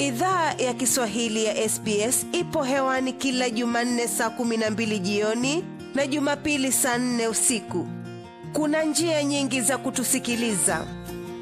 Idhaa ya Kiswahili ya SBS ipo hewani kila Jumanne saa kumi na mbili jioni na Jumapili saa nne usiku. Kuna njia nyingi za kutusikiliza.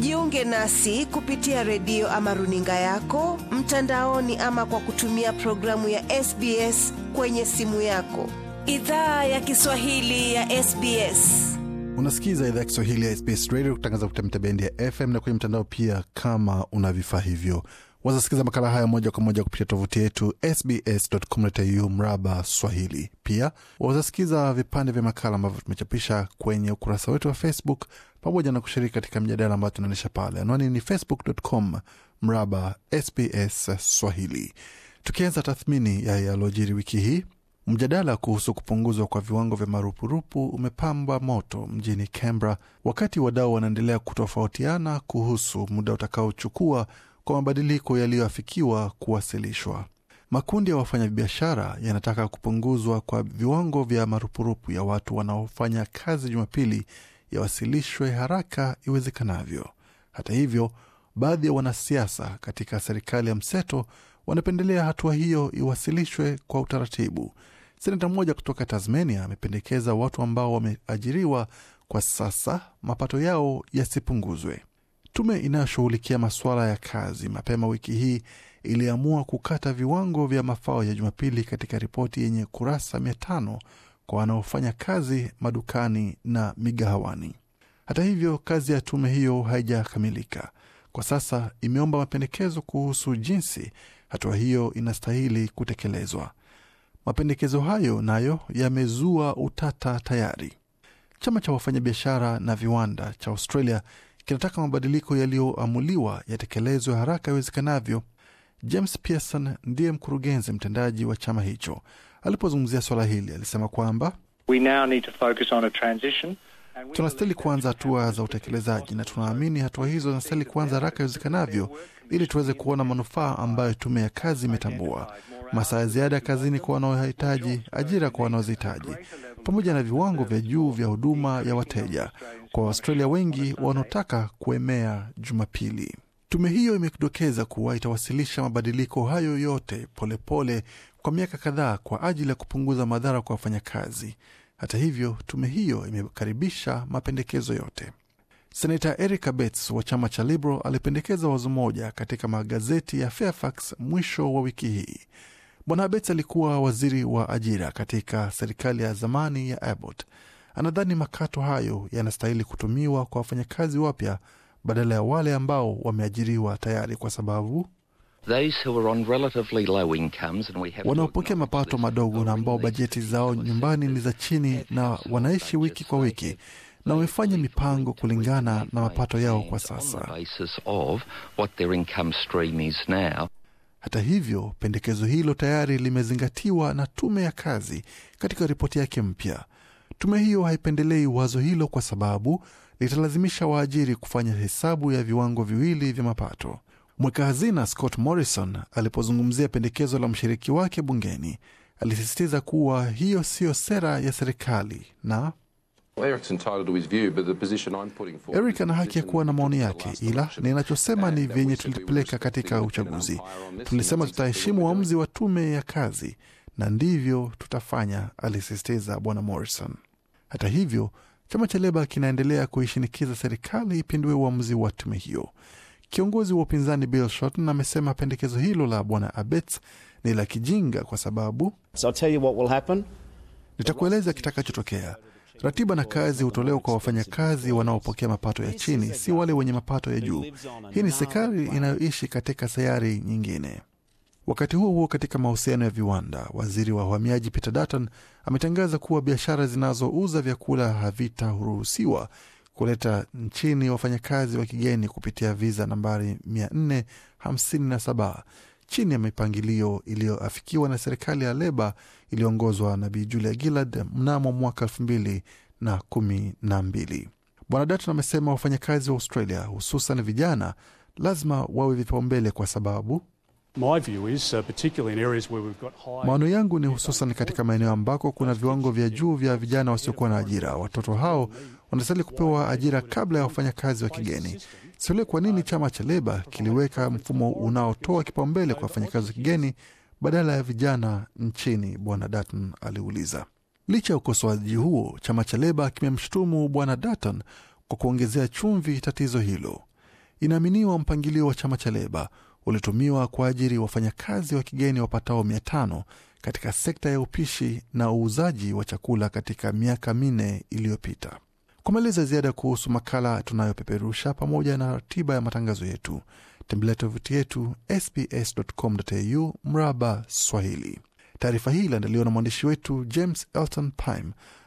Jiunge nasi kupitia redio ama runinga yako mtandaoni, ama kwa kutumia programu ya SBS kwenye simu yako. Idhaa ya Kiswahili ya SBS. Unasikiza idhaa ya Kiswahili ya SBS Radio kutangaza kupitia mita bendi ya FM na kwenye mtandao pia, kama una vifaa hivyo Wazasikiza makala haya moja kwa moja kupitia tovuti yetu sbs.com.au mraba Swahili. Pia wazasikiza vipande vya makala ambavyo tumechapisha kwenye ukurasa wetu wa Facebook pamoja na kushiriki katika mjadala ambayo tunaendesha pale. Anwani ni facebook.com mraba SBS Swahili. Tukianza tathmini ya yalojiri wiki hii, mjadala kuhusu kupunguzwa kwa viwango vya marupurupu umepamba moto mjini Canberra, wakati wadau wanaendelea kutofautiana kuhusu muda utakaochukua kwa mabadiliko yaliyoafikiwa kuwasilishwa. Makundi ya wafanyabiashara yanataka kupunguzwa kwa viwango vya marupurupu ya watu wanaofanya kazi Jumapili yawasilishwe haraka iwezekanavyo. Hata hivyo, baadhi ya wanasiasa katika serikali ya mseto wanapendelea hatua hiyo iwasilishwe kwa utaratibu. Senata mmoja kutoka Tasmania amependekeza watu ambao wameajiriwa kwa sasa mapato yao yasipunguzwe. Tume inayoshughulikia masuala ya kazi mapema wiki hii iliamua kukata viwango vya mafao ya Jumapili katika ripoti yenye kurasa mia tano kwa wanaofanya kazi madukani na migahawani. Hata hivyo, kazi ya tume hiyo haijakamilika kwa sasa. Imeomba mapendekezo kuhusu jinsi hatua hiyo inastahili kutekelezwa. Mapendekezo hayo nayo yamezua utata tayari. Chama cha wafanyabiashara na viwanda cha Australia kinataka mabadiliko yaliyoamuliwa yatekelezwe haraka iwezekanavyo. James Pearson ndiye mkurugenzi mtendaji wa chama hicho. Alipozungumzia swala hili, alisema kwamba We now need to focus on a transition tunastahili kuanza hatua za utekelezaji, na tunaamini hatua hizo zinastahili kuanza haraka iwezekanavyo ili tuweze kuona manufaa ambayo tume ya kazi imetambua: masaa ya ziada kazini kwa wanaohitaji, ajira kwa wanaozihitaji, pamoja na viwango vya juu vya huduma ya wateja kwa Waaustralia wengi wanaotaka kuemea Jumapili. Tume hiyo imedokeza kuwa itawasilisha mabadiliko hayo yote polepole pole kwa miaka kadhaa kwa ajili ya kupunguza madhara kwa wafanyakazi. Hata hivyo, tume hiyo imekaribisha mapendekezo yote. Senata Erica Betts wa chama cha Liberal alipendekeza wazo moja katika magazeti ya Fairfax mwisho wa wiki hii. Bwana Betts alikuwa waziri wa ajira katika serikali ya zamani ya Abbott. Anadhani makato hayo yanastahili kutumiwa kwa wafanyakazi wapya badala ya wale ambao wameajiriwa tayari, kwa sababu wanaopokea mapato madogo na ambao bajeti zao nyumbani ni za chini na wanaishi wiki kwa wiki na wamefanya mipango kulingana na mapato yao kwa sasa. Hata hivyo, pendekezo hilo tayari limezingatiwa na tume ya kazi katika ripoti yake mpya. Tume hiyo haipendelei wazo hilo kwa sababu litalazimisha waajiri kufanya hesabu ya viwango viwili vya mapato. Mweka hazina Scott Morrison alipozungumzia pendekezo la mshiriki wake bungeni, alisisitiza kuwa hiyo siyo sera ya serikali na Eric ana haki ya kuwa na maoni yake, ila ninachosema ni vyenye tulipeleka katika uchaguzi. Tulisema tutaheshimu uamuzi wa tume ya kazi na ndivyo tutafanya, alisisitiza bwana Morrison. Hata hivyo, chama cha Leba kinaendelea kuishinikiza serikali ipindue uamuzi wa tume hiyo. Kiongozi wa upinzani Bill Shorten amesema pendekezo hilo la bwana Abet ni la kijinga kwa sababu so nitakueleza kitakachotokea. Ratiba na kazi hutolewa kwa wafanyakazi wanaopokea mapato ya chini, si wale wenye mapato ya juu. Hii ni serikali inayoishi katika sayari nyingine. Wakati huo huo, katika mahusiano ya viwanda, waziri wa uhamiaji Peter Dutton ametangaza kuwa biashara zinazouza vyakula havitaruhusiwa kuleta nchini wafanyakazi wa kigeni kupitia viza nambari 457 chini ya mipangilio iliyoafikiwa na serikali ya leba iliyoongozwa na Bi Julia Gillard mnamo mwaka 212 Bwana Dutton amesema wafanyakazi wa Australia hususan vijana lazima wawe vipaumbele kwa sababu Uh, Maono yangu ni hususan katika maeneo ambako kuna viwango vya juu vya vijana wasiokuwa na ajira. Watoto hao wanastahili kupewa ajira kabla ya wafanyakazi wa kigeni. Sielewi kwa nini chama cha Leba kiliweka mfumo unaotoa kipaumbele kwa wafanyakazi wa kigeni badala ya vijana nchini, Bwana Dutton aliuliza. Licha ya ukosoaji huo, chama cha Leba kimemshutumu Bwana Dutton kwa kuongezea chumvi tatizo hilo. Inaaminiwa mpangilio wa chama cha Leba ulitumiwa kwa ajili wafanyakazi wa kigeni wapatao mia tano katika sekta ya upishi na uuzaji wa chakula katika miaka minne iliyopita. kumaliza ziada kuhusu makala tunayopeperusha pamoja na ratiba ya matangazo yetu, tembelea tovuti yetu sbs.com.au mraba Swahili. Taarifa hii iliandaliwa na mwandishi wetu James Elton Pime